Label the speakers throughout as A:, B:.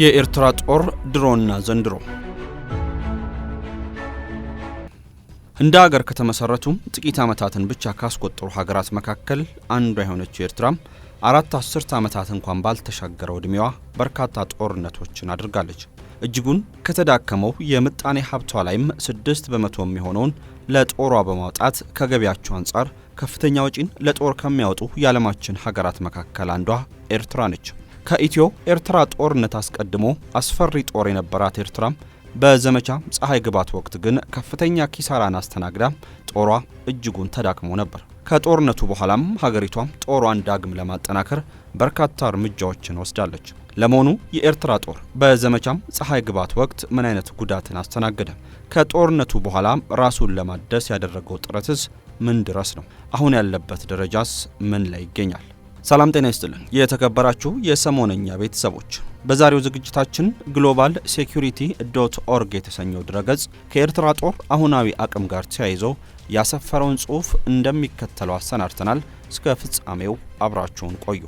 A: የኤርትራ ጦር ድሮና ዘንድሮ እንደ አገር ከተመሰረቱም ጥቂት ዓመታትን ብቻ ካስቆጠሩ ሀገራት መካከል አንዷ የሆነችው ኤርትራም አራት አስርት ዓመታት እንኳን ባልተሻገረው ዕድሜዋ በርካታ ጦርነቶችን አድርጋለች። እጅጉን ከተዳከመው የምጣኔ ሀብቷ ላይም ስድስት በመቶ የሚሆነውን ለጦሯ በማውጣት ከገቢያቸው አንጻር ከፍተኛ ወጪን ለጦር ከሚያወጡ የዓለማችን ሀገራት መካከል አንዷ ኤርትራ ነች። ከኢትዮ ኤርትራ ጦርነት አስቀድሞ አስፈሪ ጦር የነበራት ኤርትራ በዘመቻ ፀሐይ ግባት ወቅት ግን ከፍተኛ ኪሳራን አስተናግዳ ጦሯ እጅጉን ተዳክሞ ነበር። ከጦርነቱ በኋላም ሀገሪቷም ጦሯን ዳግም ለማጠናከር በርካታ እርምጃዎችን ወስዳለች። ለመሆኑ የኤርትራ ጦር በዘመቻም ፀሐይ ግባት ወቅት ምን አይነት ጉዳትን አስተናገደ? ከጦርነቱ በኋላ ራሱን ለማደስ ያደረገው ጥረትስ ምን ድረስ ነው? አሁን ያለበት ደረጃስ ምን ላይ ይገኛል? ሰላም ጤና ይስጥልን የተከበራችሁ የሰሞነኛ ቤተሰቦች፣ በዛሬው ዝግጅታችን ግሎባል ሴኩሪቲ ዶት ኦርግ የተሰኘው ድረገጽ ከኤርትራ ጦር አሁናዊ አቅም ጋር ተያይዞ ያሰፈረውን ጽሑፍ እንደሚከተለው አሰናድተናል። እስከ ፍጻሜው አብራችሁን ቆዩ።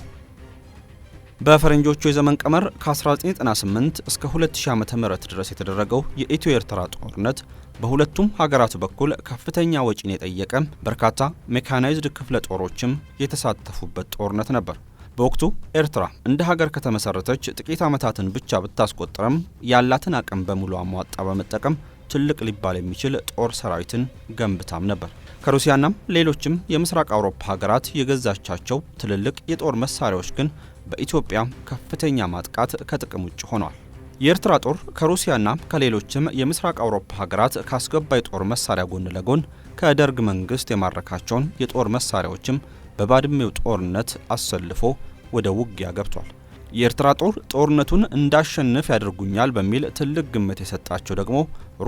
A: በፈረንጆቹ የዘመን ቀመር ከ1998 እስከ 2000 ዓ.ም ድረስ የተደረገው የኢትዮ ኤርትራ ጦርነት በሁለቱም ሀገራት በኩል ከፍተኛ ወጪን የጠየቀ በርካታ ሜካናይዝድ ክፍለ ጦሮችም የተሳተፉበት ጦርነት ነበር። በወቅቱ ኤርትራ እንደ ሀገር ከተመሰረተች ጥቂት ዓመታትን ብቻ ብታስቆጥረም ያላትን አቅም በሙሉ አሟጣ በመጠቀም ትልቅ ሊባል የሚችል ጦር ሰራዊትን ገንብታም ነበር። ከሩሲያናም ሌሎችም የምስራቅ አውሮፓ ሀገራት የገዛቻቸው ትልልቅ የጦር መሳሪያዎች ግን በኢትዮጵያ ከፍተኛ ማጥቃት ከጥቅም ውጭ ሆነዋል። የኤርትራ ጦር ከሩሲያና ከሌሎችም የምስራቅ አውሮፓ ሀገራት ካስገባይ የጦር መሳሪያ ጎን ለጎን ከደርግ መንግስት የማረካቸውን የጦር መሳሪያዎችም በባድሜው ጦርነት አሰልፎ ወደ ውጊያ ገብቷል። የኤርትራ ጦር ጦርነቱን እንዳሸንፍ ያደርጉኛል በሚል ትልቅ ግምት የሰጣቸው ደግሞ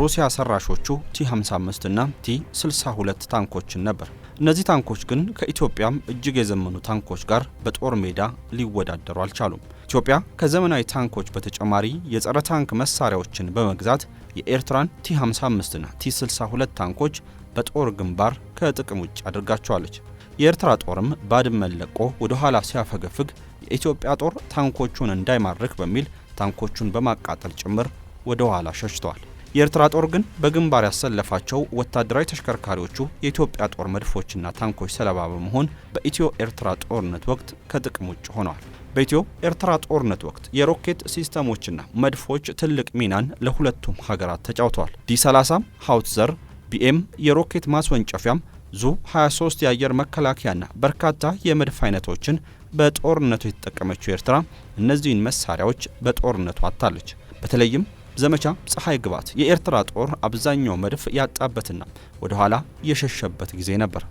A: ሩሲያ ሰራሾቹ ቲ55 እና ቲ62 ታንኮችን ነበር። እነዚህ ታንኮች ግን ከኢትዮጵያም እጅግ የዘመኑ ታንኮች ጋር በጦር ሜዳ ሊወዳደሩ አልቻሉም። ኢትዮጵያ ከዘመናዊ ታንኮች በተጨማሪ የጸረ ታንክ መሳሪያዎችን በመግዛት የኤርትራን ቲ55 እና ቲ62 ታንኮች በጦር ግንባር ከጥቅም ውጭ አድርጋቸዋለች። የኤርትራ ጦርም ባድመን ለቆ ወደ ኋላ ሲያፈገፍግ የኢትዮጵያ ጦር ታንኮቹን እንዳይማርክ በሚል ታንኮቹን በማቃጠል ጭምር ወደ ኋላ ሸሽተዋል። የኤርትራ ጦር ግን በግንባር ያሰለፋቸው ወታደራዊ ተሽከርካሪዎቹ የኢትዮጵያ ጦር መድፎችና ታንኮች ሰለባ በመሆን በኢትዮ ኤርትራ ጦርነት ወቅት ከጥቅም ውጭ ሆነዋል። በኢትዮ ኤርትራ ጦርነት ወቅት የሮኬት ሲስተሞችና መድፎች ትልቅ ሚናን ለሁለቱም ሀገራት ተጫውተዋል። ዲ 30 ሀውትዘር፣ ቢኤም የሮኬት ማስወንጨፊያም ዙ 23 የአየር መከላከያና በርካታ የመድፍ አይነቶችን በጦርነቱ የተጠቀመችው ኤርትራ እነዚህን መሳሪያዎች በጦርነቱ አጥታለች። በተለይም ዘመቻ ፀሐይ ግባት የኤርትራ ጦር አብዛኛው መድፍ ያጣበትና ወደ ኋላ የሸሸበት ጊዜ ነበር።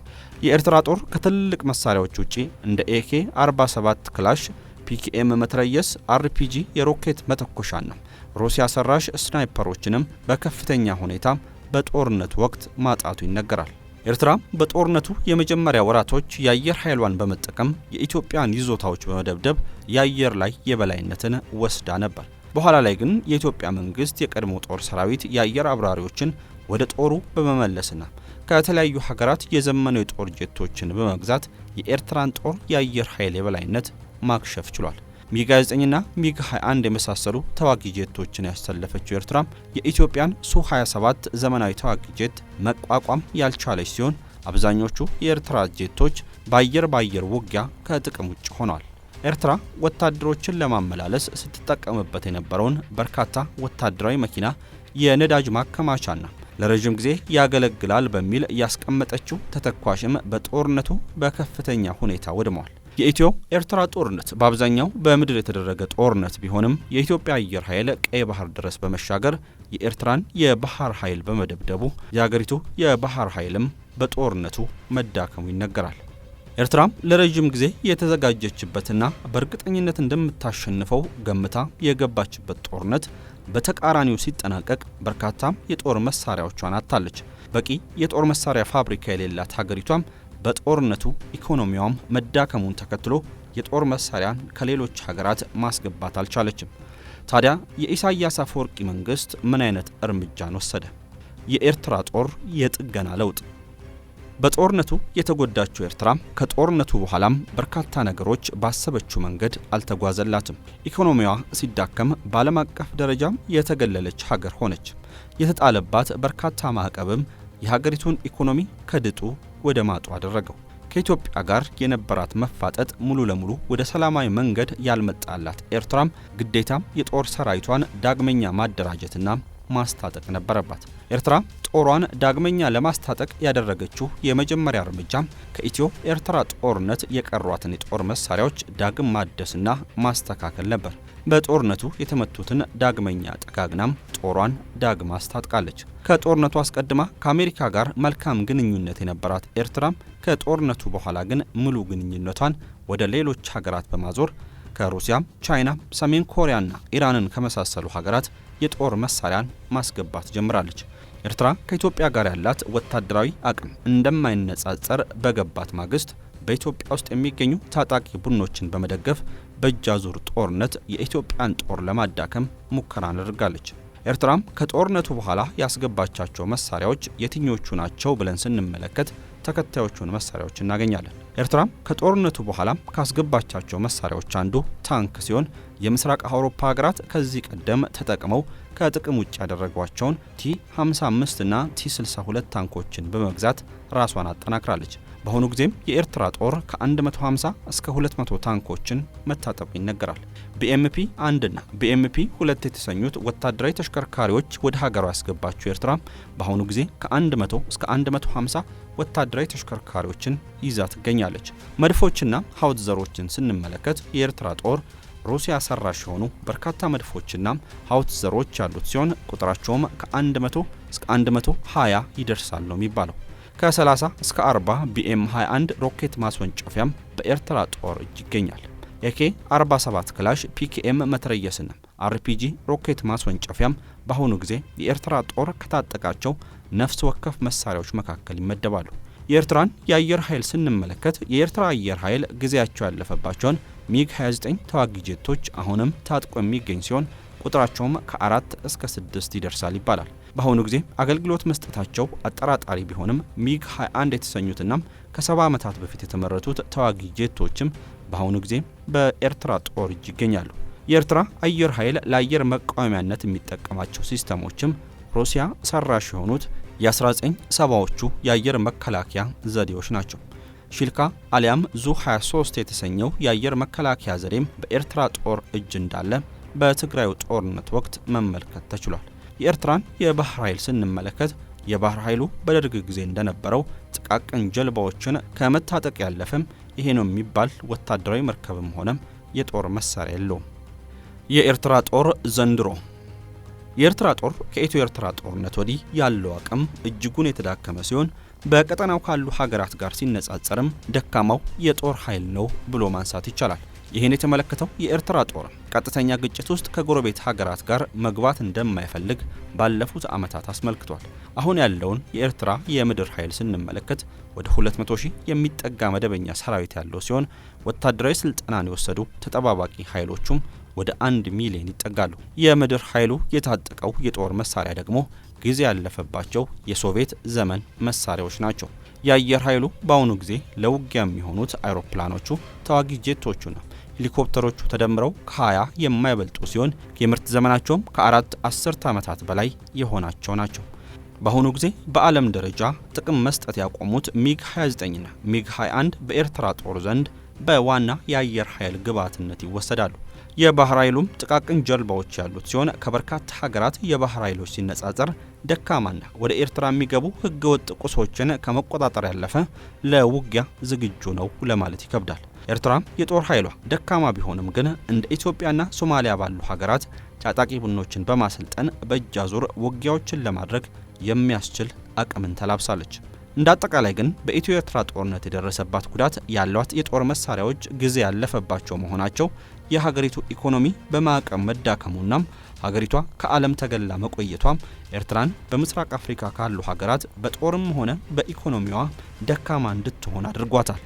A: የኤርትራ ጦር ከትልቅ መሳሪያዎች ውጪ እንደ ኤኬ 47 ክላሽ፣ ፒኬኤም መትረየስ፣ አርፒጂ የሮኬት መተኮሻና ሩሲያ ሰራሽ ስናይፐሮችንም በከፍተኛ ሁኔታ በጦርነቱ ወቅት ማጣቱ ይነገራል። ኤርትራ በጦርነቱ የመጀመሪያ ወራቶች የአየር ኃይሏን በመጠቀም የኢትዮጵያን ይዞታዎች በመደብደብ የአየር ላይ የበላይነትን ወስዳ ነበር። በኋላ ላይ ግን የኢትዮጵያ መንግስት የቀድሞ ጦር ሰራዊት የአየር አብራሪዎችን ወደ ጦሩ በመመለስና ከተለያዩ ሀገራት የዘመኑ የጦር ጀቶችን በመግዛት የኤርትራን ጦር የአየር ኃይል የበላይነት ማክሸፍ ችሏል። ሚግ 29ና ሚግ 21 የመሳሰሉ ተዋጊ ጄቶችን ያሰለፈችው ኤርትራ የኢትዮጵያን ሱ 27 ዘመናዊ ተዋጊ ጄት መቋቋም ያልቻለች ሲሆን አብዛኞቹ የኤርትራ ጄቶች በአየር በአየር ውጊያ ከጥቅም ውጭ ሆኗል። ኤርትራ ወታደሮችን ለማመላለስ ስትጠቀምበት የነበረውን በርካታ ወታደራዊ መኪና የነዳጅ ማከማቻና ለረዥም ጊዜ ያገለግላል በሚል ያስቀመጠችው ተተኳሽም በጦርነቱ በከፍተኛ ሁኔታ ወድመዋል። የኢትዮ ኤርትራ ጦርነት በአብዛኛው በምድር የተደረገ ጦርነት ቢሆንም የኢትዮጵያ አየር ኃይል ቀይ ባህር ድረስ በመሻገር የኤርትራን የባህር ኃይል በመደብደቡ የሀገሪቱ የባህር ኃይልም በጦርነቱ መዳከሙ ይነገራል። ኤርትራም ለረዥም ጊዜ የተዘጋጀችበትና በእርግጠኝነት እንደምታሸንፈው ገምታ የገባችበት ጦርነት በተቃራኒው ሲጠናቀቅ በርካታም የጦር መሳሪያዎቿን አጥታለች። በቂ የጦር መሳሪያ ፋብሪካ የሌላት ሀገሪቷም በጦርነቱ ኢኮኖሚዋም መዳከሙን ተከትሎ የጦር መሳሪያን ከሌሎች ሀገራት ማስገባት አልቻለችም። ታዲያ የኢሳያስ አፈወርቂ መንግስት ምን አይነት እርምጃን ወሰደ? የኤርትራ ጦር የጥገና ለውጥ። በጦርነቱ የተጎዳችው ኤርትራ ከጦርነቱ በኋላም በርካታ ነገሮች ባሰበችው መንገድ አልተጓዘላትም። ኢኮኖሚዋ ሲዳከም በዓለም አቀፍ ደረጃም የተገለለች ሀገር ሆነች። የተጣለባት በርካታ ማዕቀብም የሀገሪቱን ኢኮኖሚ ከድጡ ወደ ማጡ አደረገው። ከኢትዮጵያ ጋር የነበራት መፋጠጥ ሙሉ ለሙሉ ወደ ሰላማዊ መንገድ ያልመጣላት ኤርትራም ግዴታም የጦር ሰራዊቷን ዳግመኛ ማደራጀትና ማስታጠቅ ነበረባት። ኤርትራ ጦሯን ዳግመኛ ለማስታጠቅ ያደረገችው የመጀመሪያ እርምጃም ከኢትዮ ኤርትራ ጦርነት የቀሯትን የጦር መሳሪያዎች ዳግም ማደስና ማስተካከል ነበር። በጦርነቱ የተመቱትን ዳግመኛ ጠጋግናም ጦሯን ዳግም አስታጥቃለች። ከጦርነቱ አስቀድማ ከአሜሪካ ጋር መልካም ግንኙነት የነበራት ኤርትራም ከጦርነቱ በኋላ ግን ሙሉ ግንኙነቷን ወደ ሌሎች ሀገራት በማዞር ከሩሲያም፣ ቻይና፣ ሰሜን ኮሪያና ኢራንን ከመሳሰሉ ሀገራት የጦር መሳሪያን ማስገባት ጀምራለች። ኤርትራ ከኢትዮጵያ ጋር ያላት ወታደራዊ አቅም እንደማይነጻጸር በገባት ማግስት በኢትዮጵያ ውስጥ የሚገኙ ታጣቂ ቡድኖችን በመደገፍ በእጅ አዙር ጦርነት የኢትዮጵያን ጦር ለማዳከም ሙከራ አድርጋለች። ኤርትራም ከጦርነቱ በኋላ ያስገባቻቸው መሳሪያዎች የትኞቹ ናቸው ብለን ስንመለከት ተከታዮቹን መሳሪያዎች እናገኛለን። ኤርትራም ከጦርነቱ በኋላም ካስገባቻቸው መሳሪያዎች አንዱ ታንክ ሲሆን የምስራቅ አውሮፓ ሀገራት ከዚህ ቀደም ተጠቅመው ከጥቅም ውጭ ያደረጓቸውን ቲ 55 እና ቲ 62 ታንኮችን በመግዛት ራሷን አጠናክራለች። በአሁኑ ጊዜም የኤርትራ ጦር ከ150 እስከ 200 ታንኮችን መታጠቁ ይነገራል። ቢኤምፒ አንድና ቢኤምፒ ሁለት የተሰኙት ወታደራዊ ተሽከርካሪዎች ወደ ሀገሯ ያስገባችው ኤርትራ በአሁኑ ጊዜ ከ100 እስከ 150 ወታደራዊ ተሽከርካሪዎችን ይዛ ትገኛለች። መድፎችና ሀውትዘሮችን ስንመለከት የኤርትራ ጦር ሩሲያ ሰራሽ የሆኑ በርካታ መድፎችና ሀውትዘሮች ያሉት ሲሆን ቁጥራቸውም ከ100 እስከ 120 ይደርሳል ነው የሚባለው። ከ30 እስከ 40 ቢኤም 21 ሮኬት ማስወንጨፊያም በኤርትራ ጦር እጅ ይገኛል። ኤኬ 47 ክላሽ፣ ፒኬኤም መትረየስንም አርፒጂ ሮኬት ማስወንጨፊያም በአሁኑ ጊዜ የኤርትራ ጦር ከታጠቃቸው ነፍስ ወከፍ መሳሪያዎች መካከል ይመደባሉ። የኤርትራን የአየር ኃይል ስንመለከት የኤርትራ አየር ኃይል ጊዜያቸው ያለፈባቸውን ሚግ 29 ተዋጊ ጄቶች አሁንም ታጥቆ የሚገኝ ሲሆን ቁጥራቸውም ከአራት እስከ ስድስት ይደርሳል ይባላል። በአሁኑ ጊዜ አገልግሎት መስጠታቸው አጠራጣሪ ቢሆንም ሚግ 21 የተሰኙትና ከሰባ ዓመታት በፊት የተመረቱት ተዋጊ ጄቶችም በአሁኑ ጊዜ በኤርትራ ጦር እጅ ይገኛሉ። የኤርትራ አየር ኃይል ለአየር መቃወሚያነት የሚጠቀማቸው ሲስተሞችም ሩሲያ ሰራሽ የሆኑት የ1970ዎቹ የአየር መከላከያ ዘዴዎች ናቸው። ሺልካ አሊያም ዙ 23 የተሰኘው የአየር መከላከያ ዘዴም በኤርትራ ጦር እጅ እንዳለ በትግራዩ ጦርነት ወቅት መመልከት ተችሏል። የኤርትራን የባህር ኃይል ስንመለከት የባህር ኃይሉ በደርግ ጊዜ እንደነበረው ጥቃቅን ጀልባዎችን ከመታጠቅ ያለፈም ይሄ ነው የሚባል ወታደራዊ መርከብም ሆነም የጦር መሳሪያ የለውም። የኤርትራ ጦር ዘንድሮ የኤርትራ ጦር ከኢትዮ ኤርትራ ጦርነት ወዲህ ያለው አቅም እጅጉን የተዳከመ ሲሆን በቀጠናው ካሉ ሀገራት ጋር ሲነጻጸርም ደካማው የጦር ኃይል ነው ብሎ ማንሳት ይቻላል። ይህን የተመለከተው የኤርትራ ጦር ቀጥተኛ ግጭት ውስጥ ከጎረቤት ሀገራት ጋር መግባት እንደማይፈልግ ባለፉት ዓመታት አስመልክቷል። አሁን ያለውን የኤርትራ የምድር ኃይል ስንመለከት ወደ 200 ሺህ የሚጠጋ መደበኛ ሰራዊት ያለው ሲሆን ወታደራዊ ስልጠናን የወሰዱ ተጠባባቂ ኃይሎቹም ወደ አንድ ሚሊዮን ይጠጋሉ። የምድር ኃይሉ የታጠቀው የጦር መሳሪያ ደግሞ ጊዜ ያለፈባቸው የሶቪየት ዘመን መሳሪያዎች ናቸው። የአየር ኃይሉ በአሁኑ ጊዜ ለውጊያ የሚሆኑት አይሮፕላኖቹ፣ ተዋጊ ጄቶቹ ነው። ሄሊኮፕተሮቹ ተደምረው ከ20 የማይበልጡ ሲሆን የምርት ዘመናቸውም ከአራት አስርት ዓመታት በላይ የሆናቸው ናቸው። በአሁኑ ጊዜ በዓለም ደረጃ ጥቅም መስጠት ያቆሙት ሚግ 29ና ሚግ 21 በኤርትራ ጦር ዘንድ በዋና የአየር ኃይል ግብዓትነት ይወሰዳሉ። የባህር ኃይሉም ጥቃቅን ጀልባዎች ያሉት ሲሆን ከበርካታ ሀገራት የባህር ኃይሎች ሲነጻጸር ደካማና ወደ ኤርትራ የሚገቡ ህገወጥ ቁሶችን ከመቆጣጠር ያለፈ ለውጊያ ዝግጁ ነው ለማለት ይከብዳል። ኤርትራም የጦር ኃይሏ ደካማ ቢሆንም ግን እንደ ኢትዮጵያና ሶማሊያ ባሉ ሀገራት ታጣቂ ቡድኖችን በማሰልጠን በእጅ አዙር ውጊያዎችን ለማድረግ የሚያስችል አቅምን ተላብሳለች። እንደ አጠቃላይ ግን በኢትዮ ኤርትራ ጦርነት የደረሰባት ጉዳት ያሏት የጦር መሳሪያዎች ጊዜ ያለፈባቸው መሆናቸው የሀገሪቱ ኢኮኖሚ በማዕቀብ መዳከሙናም ሀገሪቷ ከዓለም ተገላ መቆየቷም ኤርትራን በምስራቅ አፍሪካ ካሉ ሀገራት በጦርም ሆነ በኢኮኖሚዋ ደካማ እንድትሆን አድርጓታል።